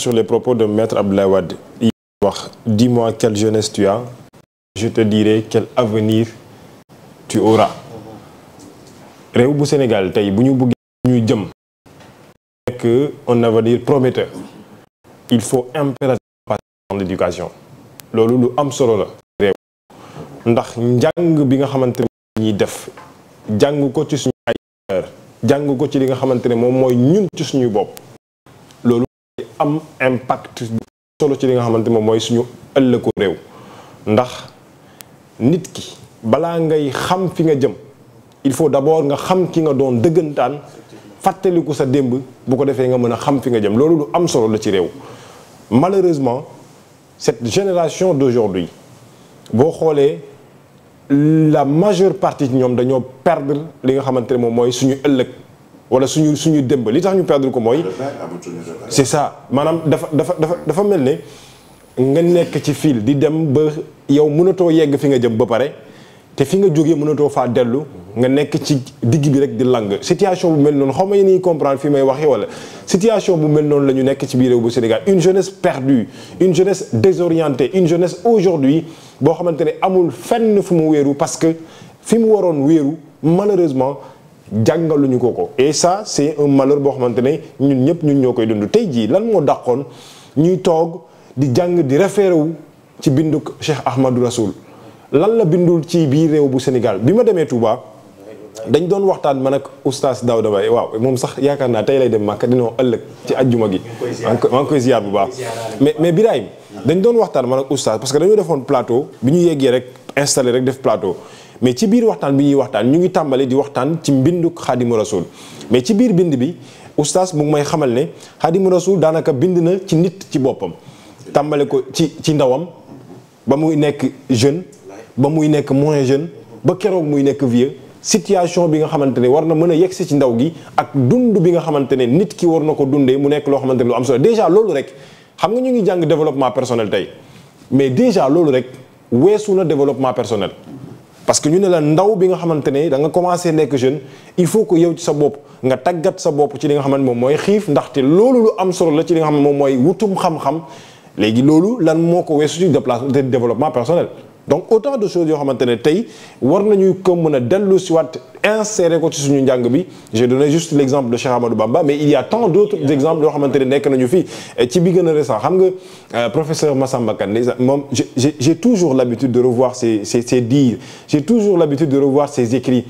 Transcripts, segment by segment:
sur les propos de maître Abdoulaye Wade yi wax dis mois quelle jeunesse tu as je te dirai quel avenir tu auras réew bu Sénégal tey bu ñu bëggee jëm nekk un avenir prometteur il faut impérativement loolu lu am solo la réew ndax njàng bi nga xamante ñuy def jàng ko ko ci li nga xamante ne moom mooy ñun ci suñuy bopp am impact solo ci li nga xamante moom mooy suñu ëllëgu réew ndax nit ki balaa ngay xam fi nga jëm il faut d'abord nga xam ki nga doon dëggantaan fàttaliku sa démb bu ko defee nga mën a xam fi nga jëm loolu lu am solo la ci réew malheureusement cette génération d'aujourd'hui boo xoolee la majeure partie ci ñoom dañoo perdre li nga xamante ne moom mooy suñu ëllëg wala suñu suñu démb li tax ñu perdre ko mooy. c'est ça maanaam dafa dafa dafa dafa mel ne nga nekk ci fil di dem ba yow mënatoo yegg fi nga jëm ba pare te fi nga jógee mënatoo faa dellu. nga nekk ci digg bi rek di lang situation bu mel noonu xaw ma ni comprendre fi may waxee wala situation bu mel noonu la ñu nekk ci biir réew bu Sénégal une jeunesse perdue une jeunesse désorientée une jeunesse aujourd'hui boo xamante ne amul fenn fu mu wéeru parce que fi mu waroon wéeru malheureusement. jàngaluñu ko ko et ça c'est un boo xamante ne ñun ñëpp ñun ñoo koy dund tey jii lan moo dàqoon ñuy toog di jàng di référé ci bindu Cheikh Ahmadou Rasoul lan la bindul ci biir réew bu Sénégal bi ma demee Touba dañ doon waxtaan man ak oustaz Daouda Baye waaw moom sax yaakaar naa tey lay dem Màkka dinoo ëllëg ci ajjuma gi maa ngi koy ziar bu baax mais mais Birahim dañ doon waxtaan man ak oustaz parce que dañu defoon plateau bi ñu yéegee rek installé rek def mais ci biir waxtaan bi ñuy waxtaan ñu ngi tàmbali di waxtaan ci mbinduk xaadimu rasul mais ci biir bind bi oustaz mu ngi may xamal ne xaadimu rasul daanaka bind na ci nit ci boppam tàmbale ko ci ci ndawam ba muy nekk jeune ba muy nekk moins jeune ba keroog muy nekk vieux situation bi nga xamante ne war na mën a yegsi ci ndaw gi ak dund bi nga xamante ne nit ki war na ko dundee mu nekk loo xamante ne lu am solo déjà loolu rek xam nga ñu ngi jàng développement personnel tey mais déjà loolu rek weesu na développement personnel parce que ñu ne la ndaw bi nga xamante ne da commencé nekk jeune il faut que yow ci sa bopp nga tàggat sa bopp ci li nga xamante moom mooy xiif ndaxte loolu lu am solo la ci li nga xam moom mooy wutum xam-xam léegi loolu lan moo ko weesu ci déplacement de développement personnel donc autant de choses yoo xamante ne tey war nañu ko mën a dellu si waat insérer ko ci suñu njàng bi j'ai donné juste l'exemple de Cheikh Amadou Bamba mais il y a tant d'autres exemples yoo xamante ne nekk nañu fii ci bi gën a récent xam nga euh, professeur Massamba Kandé moom j'ai j'ai toujours l'habitude de revoir ses ses ses dires j'ai toujours l'habitude de revoir ses écrits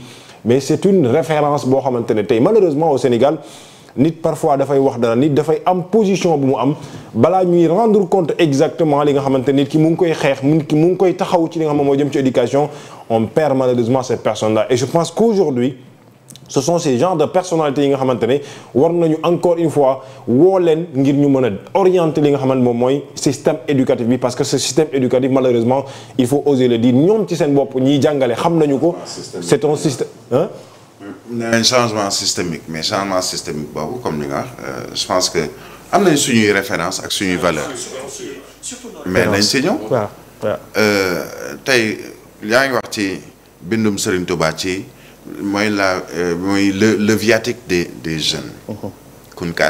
mais c'est une référence boo xamante ne tey malheureusement au Sénégal nit parfois dafay wax dara nit dafay am position bu mu am balaa ñuy rendre compte exactement li nga xamante nit ki mu ngi koy xeex nit ki mu ngi koy taxaw ci li nga xam moo jëm ci éducation on perd malheureusement ces personnes là et je pense qu'aujourd'hui ce sont ces genres de personnalités yi nga xamante ne war nañu encore une fois woo leen ngir ñu mën a orienter li nga xamante moom mooy système éducatif bi parce que ce système éducatif malheureusement il faut oser le dire ñoom ci seen bopp ñiy jàngale xam nañu ko c'est un système un changement systémique mais changement systémique boobu comme ni nga wax euh, je pense que am nañ suñuy référence ak suñuy valeur mais nañ si ñëw euh, tey yaa ngi wax ci bindum Serigne Touba ci mooy la euh, mooy le le viatique des des jeunes mm-hmm.